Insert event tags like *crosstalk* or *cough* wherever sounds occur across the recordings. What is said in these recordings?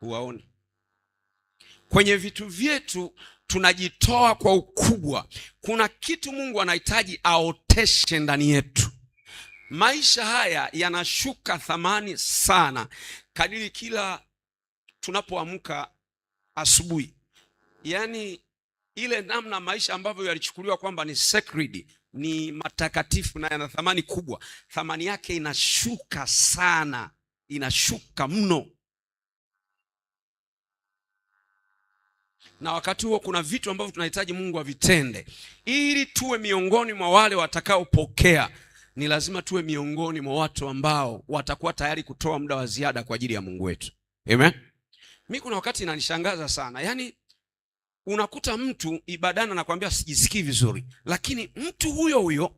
huwaoni. Kwenye vitu vyetu tunajitoa kwa ukubwa. Kuna kitu Mungu anahitaji aoteshe ndani yetu. Maisha haya yanashuka thamani sana kadiri kila tunapoamka asubuhi, yaani ile namna maisha ambavyo yalichukuliwa kwamba ni sacred, ni matakatifu na yana thamani kubwa, thamani yake inashuka sana, inashuka mno. na wakati huo kuna vitu ambavyo tunahitaji Mungu avitende ili tuwe miongoni mwa wale watakaopokea. Ni lazima tuwe miongoni mwa watu ambao watakuwa tayari kutoa muda wa ziada kwa ajili ya Mungu wetu. Amen. Mimi kuna wakati inanishangaza sana, yaani unakuta mtu ibadana, nakwambia sijisikii vizuri, lakini mtu huyo huyo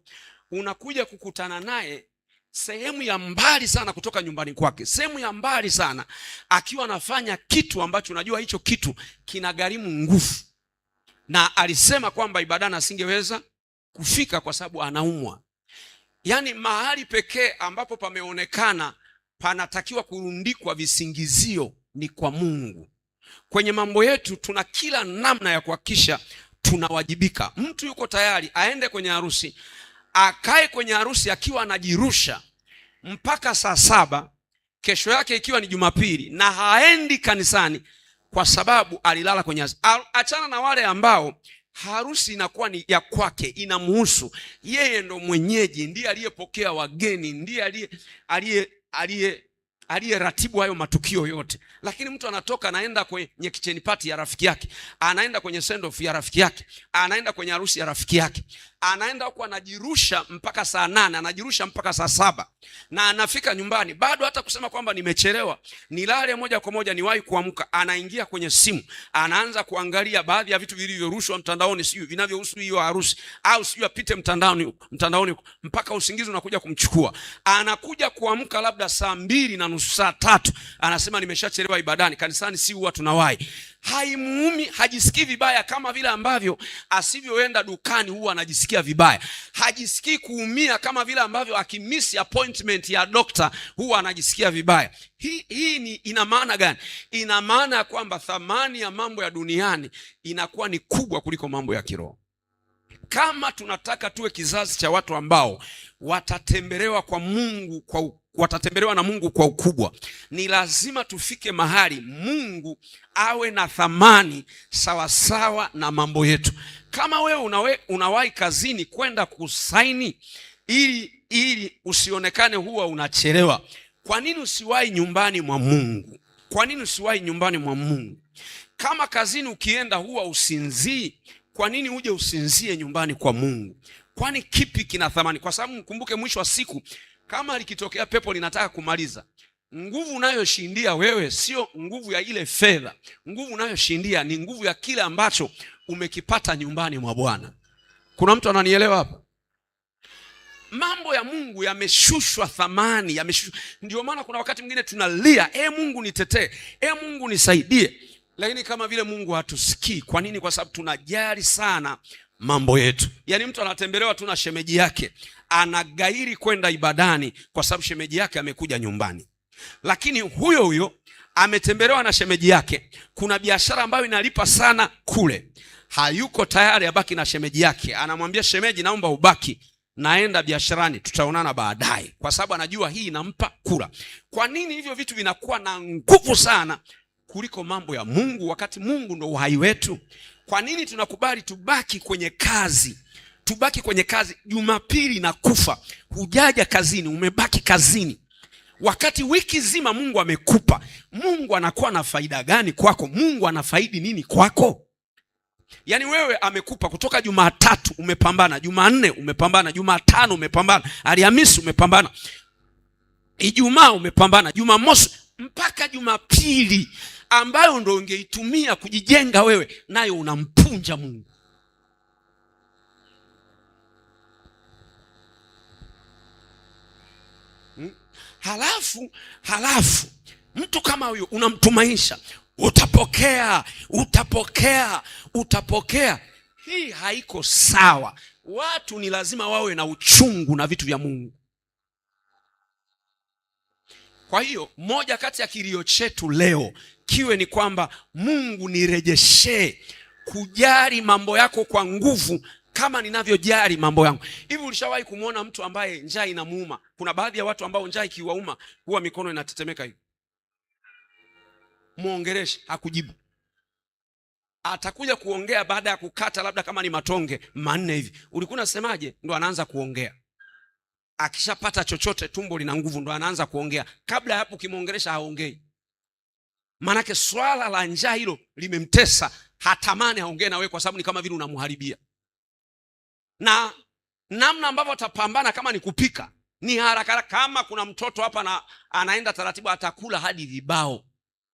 unakuja kukutana naye sehemu ya mbali sana kutoka nyumbani kwake, sehemu ya mbali sana, akiwa anafanya kitu ambacho unajua hicho kitu kinagharimu nguvu, na alisema kwamba ibadani asingeweza kufika kwa sababu anaumwa. Yaani mahali pekee ambapo pameonekana panatakiwa kurundikwa visingizio ni kwa Mungu. Kwenye mambo yetu tuna kila namna ya kuhakikisha tunawajibika. Mtu yuko tayari aende kwenye harusi akae kwenye harusi akiwa anajirusha, mpaka saa saba kesho yake ikiwa ni Jumapili, na haendi kanisani kwa sababu alilala kwenye Achana na wale ambao harusi inakuwa ni ya kwake, inamhusu yeye, ndo mwenyeji, ndiye aliyepokea wageni, ndiye aliye aliyeratibu hayo matukio yote. Lakini mtu anatoka anaenda kwenye kicheni pati ya rafiki yake, anaenda kwenye sendof ya rafiki yake, anaenda kwenye harusi ya rafiki yake anaenda huku anajirusha mpaka saa nane anajirusha mpaka saa saba na anafika nyumbani bado hata kusema kwamba nimechelewa nilale moja kwa moja niwahi kuamka, anaingia kwenye simu anaanza kuangalia baadhi ya vitu vilivyorushwa mtandaoni, siu vinavyohusu hiyo harusi au siu apite mtandaoni mtandaoni, mpaka usingizi unakuja kumchukua. Anakuja kuamka labda saa mbili na nusu saa tatu, anasema nimeshachelewa ibadani, kanisani si huwa tunawahi haimuumi, hajisikii vibaya kama vile ambavyo asivyoenda dukani huwa anajisikia vibaya. Hajisikii kuumia kama vile ambavyo akimisi appointment ya dokta huwa anajisikia vibaya. Hii hii ni ina maana gani? Ina maana ya kwamba thamani ya mambo ya duniani inakuwa ni kubwa kuliko mambo ya kiroho. Kama tunataka tuwe kizazi cha watu ambao watatembelewa kwa Mungu kwa watatembelewa na Mungu kwa ukubwa. Ni lazima tufike mahali Mungu awe na thamani sawasawa na mambo yetu. Kama wewe unawe, unawahi kazini kwenda kusaini ili ili usionekane huwa unachelewa, kwa nini usiwahi nyumbani mwa Mungu? Kwa nini usiwahi nyumbani mwa Mungu? Kama kazini ukienda huwa usinzii, kwa nini uje usinzie nyumbani kwa Mungu? Kwani kipi kina thamani? Kwa sababu mkumbuke, mwisho wa siku kama likitokea pepo linataka kumaliza, nguvu unayoshindia wewe sio nguvu ya ile fedha. Nguvu unayoshindia ni nguvu ya kile ambacho umekipata nyumbani mwa Bwana. Kuna mtu ananielewa hapa? Mambo ya Mungu yameshushwa thamani, yameshushwa. Ndio maana kuna wakati mwingine tunalia, e Mungu nitetee, e Mungu nisaidie, lakini kama vile Mungu hatusikii. Kwa nini? Kwa sababu tunajali sana mambo yetu. Yaani mtu anatembelewa tu na shemeji yake, anagairi kwenda ibadani kwa sababu shemeji yake amekuja nyumbani, lakini huyo huyo ametembelewa na shemeji yake, kuna biashara ambayo inalipa sana kule, hayuko tayari abaki na shemeji yake, anamwambia shemeji, naomba ubaki naenda biasharani, tutaonana baadaye, kwa sababu anajua hii inampa kula. Kwa nini hivyo vitu vinakuwa na nguvu sana kuliko mambo ya Mungu, wakati Mungu ndo uhai wetu? Kwa nini tunakubali tubaki kwenye kazi tubaki kwenye kazi. Jumapili na kufa, hujaja kazini, umebaki kazini wakati wiki zima Mungu amekupa. Mungu anakuwa na faida gani kwako? Mungu anafaidi nini kwako? Yaani wewe amekupa kutoka Jumatatu umepambana, Jumanne umepambana, Jumatano umepambana, Alhamisi umepambana, Ijumaa umepambana, Jumamosi mpaka Jumapili ambayo ndo ungeitumia kujijenga wewe, nayo unampunja Mungu. halafu halafu mtu kama huyu unamtumainisha utapokea utapokea utapokea. Hii haiko sawa. Watu ni lazima wawe na uchungu na vitu vya Mungu. Kwa hiyo moja kati ya kilio chetu leo kiwe ni kwamba Mungu nirejeshee kujari mambo yako kwa nguvu kama ninavyojali mambo yangu. Hivi ulishawahi kumwona mtu ambaye njaa inamuuma? Kuna baadhi ya watu ambao njaa ikiwauma huwa mikono inatetemeka hivi. Muongeleshe, hakujibu. Atakuja kuongea baada ya kukata labda kama ni matonge manne hivi. Ulikuwa unasemaje? Ndo anaanza kuongea. Akishapata chochote tumbo lina nguvu ndo anaanza kuongea. Kabla ya hapo ukimwongelesha haongei. Manake swala la njaa hilo limemtesa, hatamani aongee na wewe kwa sababu ni kama vile unamharibia na namna ambavyo atapambana kama ni kupika ni haraka Kama kuna mtoto hapa na anaenda taratibu, atakula hadi vibao,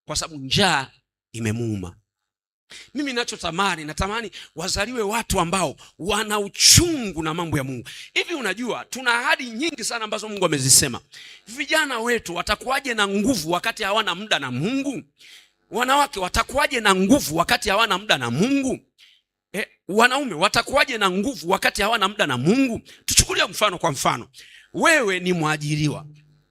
kwa sababu njaa imemuuma. Mimi nachotamani, natamani wazaliwe watu ambao wana uchungu na mambo ya Mungu. Hivi unajua tuna ahadi nyingi sana ambazo Mungu amezisema. Vijana wetu watakuwaje na nguvu wakati hawana muda na Mungu? Wanawake watakuwaje na nguvu wakati hawana muda na Mungu? E, wanaume watakuwaje na nguvu wakati hawana muda na Mungu? Tuchukulia mfano kwa mfano, wewe ni mwajiriwa,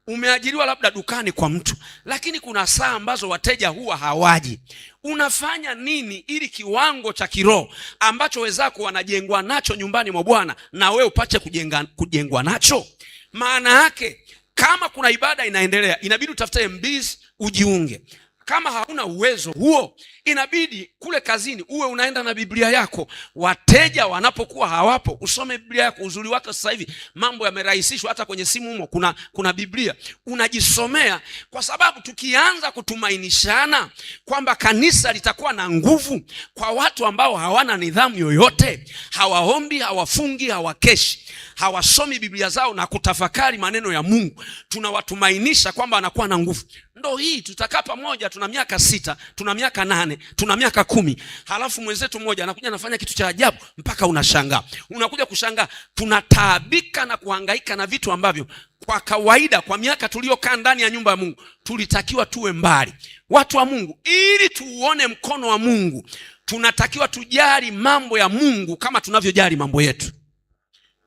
umeajiriwa labda dukani kwa mtu, lakini kuna saa ambazo wateja huwa hawaji. Unafanya nini ili kiwango cha kiroho ambacho wezako wanajengwa nacho nyumbani mwa Bwana na wewe upate kujenga, kujengwa nacho? Maana yake kama kuna ibada inaendelea, inabidi utafute mbizi ujiunge kama hauna uwezo huo, inabidi kule kazini uwe unaenda na Biblia yako. Wateja wanapokuwa hawapo, usome Biblia yako. Uzuri wake sasa hivi mambo yamerahisishwa, hata kwenye simu humo kuna, kuna Biblia unajisomea, kwa sababu tukianza kutumainishana kwamba kanisa litakuwa na nguvu kwa watu ambao hawana nidhamu yoyote, hawaombi, hawafungi, hawakeshi, hawasomi Biblia zao na kutafakari maneno ya Mungu, tunawatumainisha kwamba wanakuwa na nguvu ndo hii tutakaa pamoja, tuna miaka sita, tuna miaka nane, tuna miaka kumi, halafu mwenzetu mmoja anakuja anafanya kitu cha ajabu mpaka unashangaa. Unakuja kushangaa tunataabika na kuhangaika na vitu ambavyo kwa kawaida kwa miaka tuliyokaa ndani ya nyumba ya Mungu tulitakiwa tuwe mbali. Watu wa Mungu, ili tuuone mkono wa Mungu tunatakiwa tujali mambo ya Mungu kama tunavyojali mambo yetu.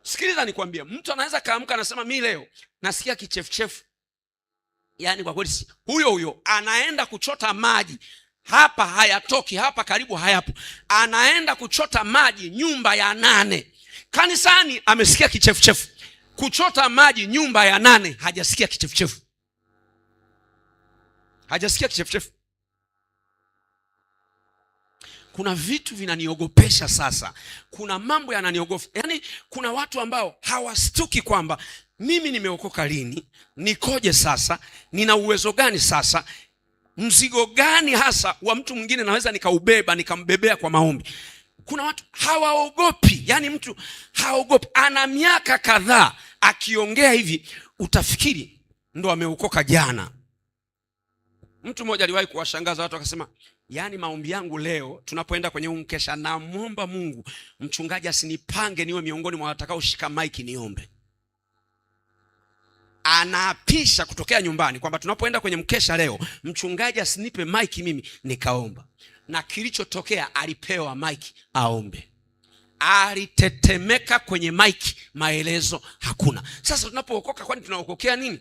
Sikiliza nikwambie, mtu anaweza kaamka anasema mi leo nasikia kichefuchefu yani kwa kweli huyo huyo anaenda kuchota maji hapa hayatoki, hapa karibu hayapo, anaenda kuchota maji nyumba ya nane kanisani, amesikia kichefuchefu. Kuchota maji nyumba ya nane hajasikia kichefuchefu, hajasikia kichefuchefu. Kuna vitu vinaniogopesha sasa, kuna mambo yananiogofa yaani kuna watu ambao hawastuki kwamba mimi nimeokoka lini? Nikoje sasa? Nina uwezo gani sasa? Mzigo gani hasa wa mtu mwingine naweza nikaubeba nikambebea kwa maombi? Kuna watu hawaogopi, yani mtu haogopi, ana miaka kadhaa akiongea hivi utafikiri ndo ameokoka jana. Mtu mmoja aliwahi kuwashangaza watu akasema, yaani maombi yangu leo tunapoenda kwenye umkesha namwomba Mungu mchungaji asinipange niwe miongoni mwa watakaoshika maiki niombe anaapisha kutokea nyumbani kwamba tunapoenda kwenye mkesha leo, mchungaji asinipe maiki mimi nikaomba. Na kilichotokea alipewa maiki aombe, alitetemeka kwenye maiki, maelezo hakuna. Sasa tunapookoka, kwani tunaokokea nini?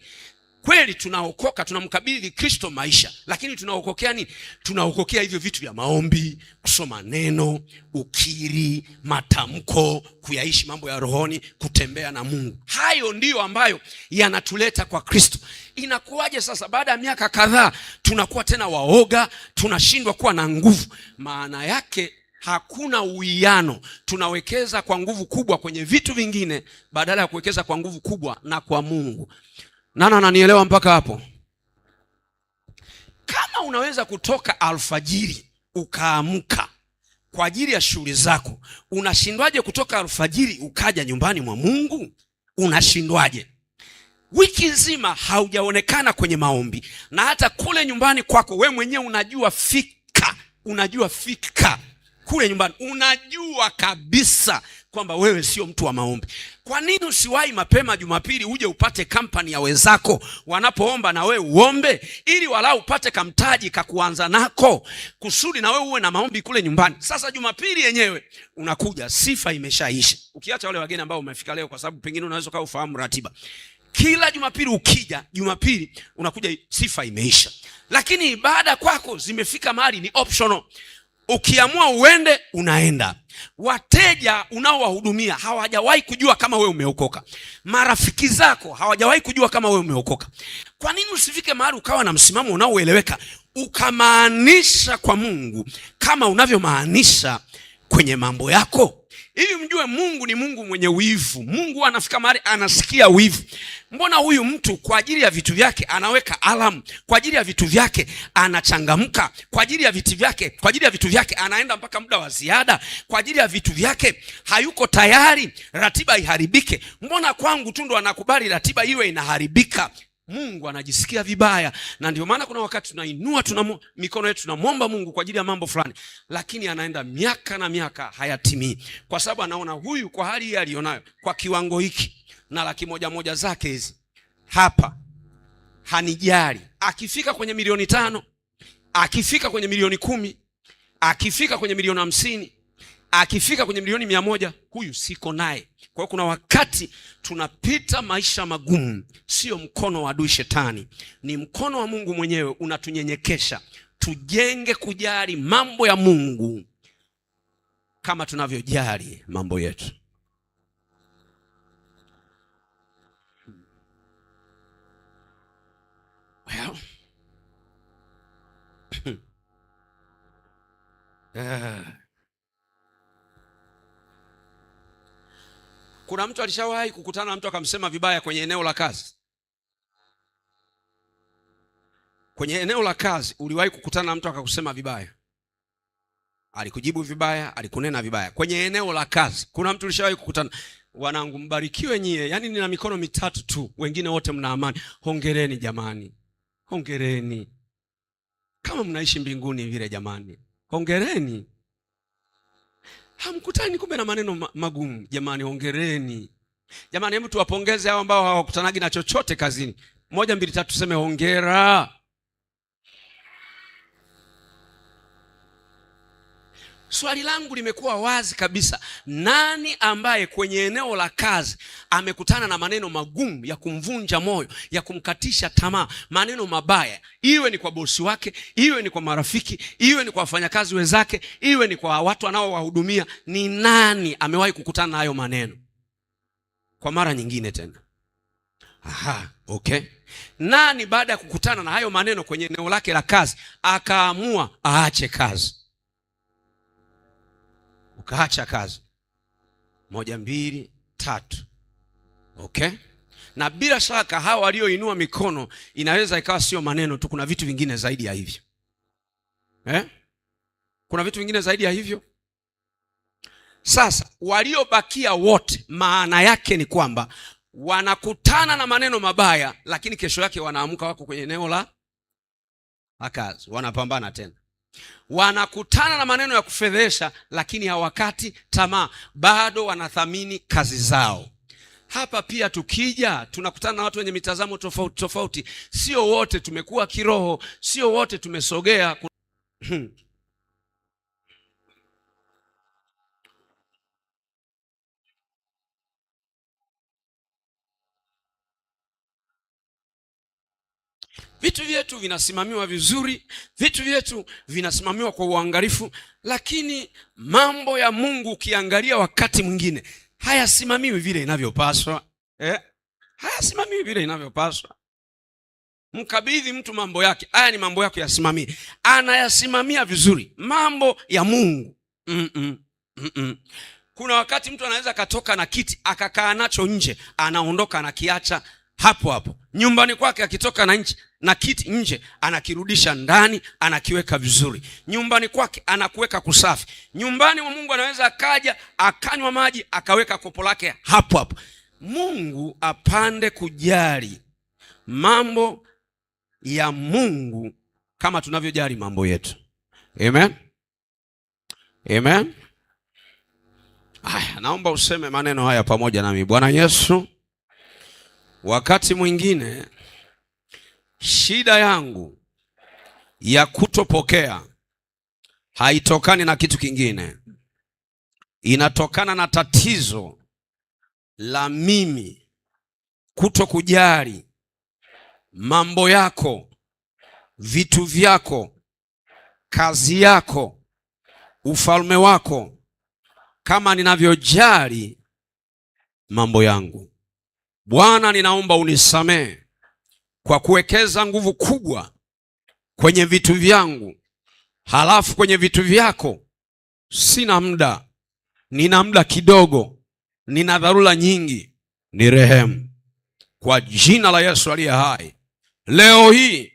kweli tunaokoka, tunamkabidhi Kristo maisha, lakini tunaokokea nini? Tunaokokea hivyo vitu vya maombi, kusoma neno, ukiri, matamko, kuyaishi mambo ya rohoni, kutembea na Mungu. Hayo ndiyo ambayo yanatuleta kwa Kristo. Inakuwaje sasa, baada ya miaka kadhaa tunakuwa tena waoga, tunashindwa kuwa na nguvu? Maana yake hakuna uwiano. Tunawekeza kwa nguvu kubwa kwenye vitu vingine badala ya kuwekeza kwa nguvu kubwa na kwa Mungu. Nani ananielewa mpaka hapo? Kama unaweza kutoka alfajiri ukaamka kwa ajili ya shughuli zako, unashindwaje kutoka alfajiri ukaja nyumbani mwa Mungu? Unashindwaje? Wiki nzima haujaonekana kwenye maombi, na hata kule nyumbani kwako we mwenyewe unajua fika, unajua fika kule nyumbani, unajua kabisa kwamba wewe sio mtu wa maombi. Kwa nini usiwahi mapema Jumapili uje upate kampani ya wenzako wanapoomba na wewe uombe, ili walau upate kamtaji kakuanza nako kusudi na wewe uwe na maombi kule nyumbani. Sasa Jumapili yenyewe unakuja, sifa imeshaisha, ukiacha wale wageni ambao umefika leo, kwa sababu pengine unaweza ukawa ufahamu ratiba kila Jumapili ukija Jumapili unakuja sifa imeisha, lakini ibada kwako zimefika mahali ni optional ukiamua uende unaenda. Wateja unaowahudumia hawajawahi kujua kama wewe umeokoka. Marafiki zako hawajawahi kujua kama wewe umeokoka. Kwa nini usifike mahali ukawa na msimamo unaoeleweka ukamaanisha kwa Mungu kama unavyomaanisha kwenye mambo yako ili mjue Mungu ni Mungu mwenye wivu. Mungu anafika mahali anasikia wivu. Mbona huyu mtu kwa ajili ya vitu vyake anaweka alamu, kwa ajili ya vitu vyake anachangamka, kwa ajili ya vitu vyake, kwa ajili ya vitu vyake anaenda mpaka muda wa ziada, kwa ajili ya vitu vyake hayuko tayari ratiba iharibike. Mbona kwangu tu ndo anakubali ratiba iwe inaharibika? Mungu anajisikia vibaya, na ndio maana kuna wakati tunainua tuna mikono yetu tunamwomba Mungu kwa ajili ya mambo fulani, lakini anaenda miaka na miaka hayatimii, kwa sababu anaona huyu kwa hali hii aliyonayo, kwa kiwango hiki na laki moja moja zake hizi hapa hanijali. Akifika kwenye milioni tano, akifika kwenye milioni kumi, akifika kwenye milioni hamsini akifika kwenye milioni mia moja huyu siko naye. Kwa hiyo kuna wakati tunapita maisha magumu, sio mkono wa adui shetani, ni mkono wa Mungu mwenyewe unatunyenyekesha. Tujenge kujali mambo ya Mungu kama tunavyojali mambo yetu. Well. uh. *clears throat* Kuna mtu alishawahi kukutana na mtu akamsema vibaya kwenye eneo la kazi? Kwenye eneo la kazi uliwahi kukutana na mtu akakusema vibaya? Alikujibu vibaya, alikunena vibaya kwenye eneo la kazi. Kuna mtu ulishawahi kukutana? Wanangu, mbarikiwe nyie. Yaani nina mikono mitatu tu, wengine wote mna amani. Hongereni jamani, hongereni kama mnaishi mbinguni vile jamani, hongereni hamkutani kumbe na maneno magumu. Jamani, hongereni. Jamani, hebu tuwapongeze hao ambao hawakutanagi na chochote kazini. Moja, mbili, tatu, tuseme hongera. Swali langu limekuwa wazi kabisa. Nani ambaye kwenye eneo la kazi amekutana na maneno magumu ya kumvunja moyo, ya kumkatisha tamaa, maneno mabaya, iwe ni kwa bosi wake, iwe ni kwa marafiki, iwe ni kwa wafanyakazi wenzake, iwe ni kwa watu anaowahudumia? Ni nani amewahi kukutana na hayo maneno kwa mara nyingine tena? Aha, okay. Nani baada ya kukutana na hayo maneno kwenye eneo lake la kazi akaamua aache kazi? ukaacha kazi moja mbili tatu, okay. Na bila shaka hawa walioinua mikono inaweza ikawa sio maneno tu, kuna vitu vingine zaidi ya hivyo eh? Kuna vitu vingine zaidi ya hivyo. Sasa waliobakia wote, maana yake ni kwamba wanakutana na maneno mabaya, lakini kesho yake wanaamka, wako kwenye eneo la akazi, wanapambana tena wanakutana na maneno ya kufedhesha, lakini hawakati tamaa, bado wanathamini kazi zao. Hapa pia tukija, tunakutana na watu wenye mitazamo tofauti tofauti. Sio wote tumekuwa kiroho, sio wote tumesogea. *clears throat* vitu vyetu vinasimamiwa vizuri, vitu vyetu vinasimamiwa kwa uangalifu, lakini mambo ya Mungu ukiangalia, wakati mwingine hayasimamiwi vile inavyopaswa eh? hayasimamiwi vile inavyopaswa. Mkabidhi mtu mambo yake, haya ni mambo yako, yasimamie. Anayasimamia vizuri mambo ya Mungu. mm -mm. Mm -mm. Kuna wakati mtu anaweza akatoka na kiti akakaa nacho nje, anaondoka anakiacha hapo hapo nyumbani kwake, akitoka na nchi na kiti nje anakirudisha ndani, anakiweka vizuri nyumbani kwake, anakuweka kusafi nyumbani mwa Mungu. Anaweza akaja akanywa maji akaweka kopo lake hapo hapo. Mungu apande kujali mambo ya Mungu kama tunavyojali mambo yetu. Amen, amen. Aya, naomba useme maneno haya pamoja nami. Bwana Yesu, wakati mwingine shida yangu ya kutopokea haitokani na kitu kingine, inatokana na tatizo la mimi kutokujali mambo yako, vitu vyako, kazi yako, ufalme wako kama ninavyojali mambo yangu. Bwana, ninaomba unisamehe kwa kuwekeza nguvu kubwa kwenye vitu vyangu, halafu kwenye vitu vyako sina muda, nina muda kidogo, nina dharura nyingi. Ni rehemu kwa jina la Yesu aliye hai. Leo hii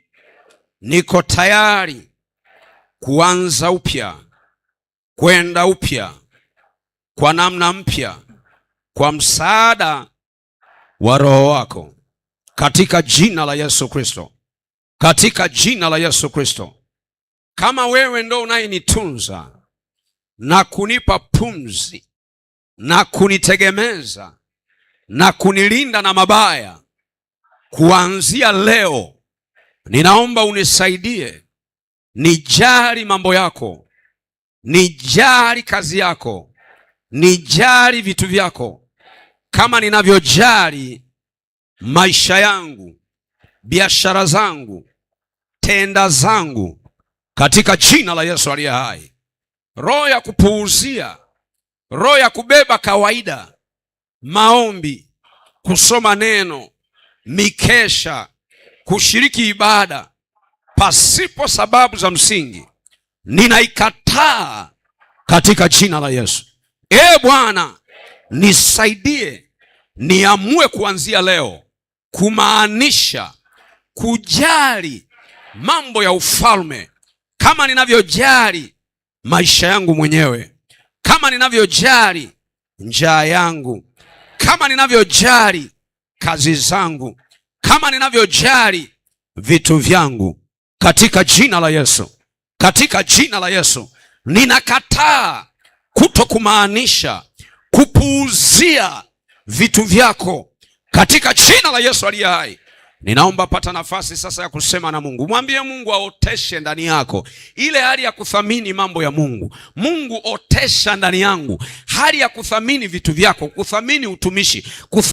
niko tayari kuanza upya, kwenda upya kwa namna mpya, kwa msaada wa Roho wako katika jina la Yesu Kristo, katika jina la Yesu Kristo. Kama wewe ndo unayenitunza na kunipa pumzi na kunitegemeza na kunilinda na mabaya, kuanzia leo ninaomba unisaidie, nijali mambo yako, nijali kazi yako, nijali vitu vyako kama ninavyojali maisha yangu, biashara zangu, tenda zangu, katika jina la Yesu aliye hai. Roho ya kupuuzia, roho ya kubeba kawaida, maombi, kusoma neno, mikesha, kushiriki ibada pasipo sababu za msingi, ninaikataa katika jina la Yesu. Ee Bwana, nisaidie niamue kuanzia leo kumaanisha kujali mambo ya ufalme kama ninavyojali maisha yangu mwenyewe, kama ninavyojali njaa yangu, kama ninavyojali kazi zangu, kama ninavyojali vitu vyangu, katika jina la Yesu, katika jina la Yesu ninakataa kutokumaanisha kupuuzia vitu vyako katika jina la Yesu aliye hai. Ninaomba pata nafasi sasa ya kusema na Mungu. Mwambie Mungu aoteshe ndani yako ile hali ya kuthamini mambo ya Mungu. Mungu otesha ndani yangu hali ya kuthamini vitu vyako, kuthamini utumishi, kuthamini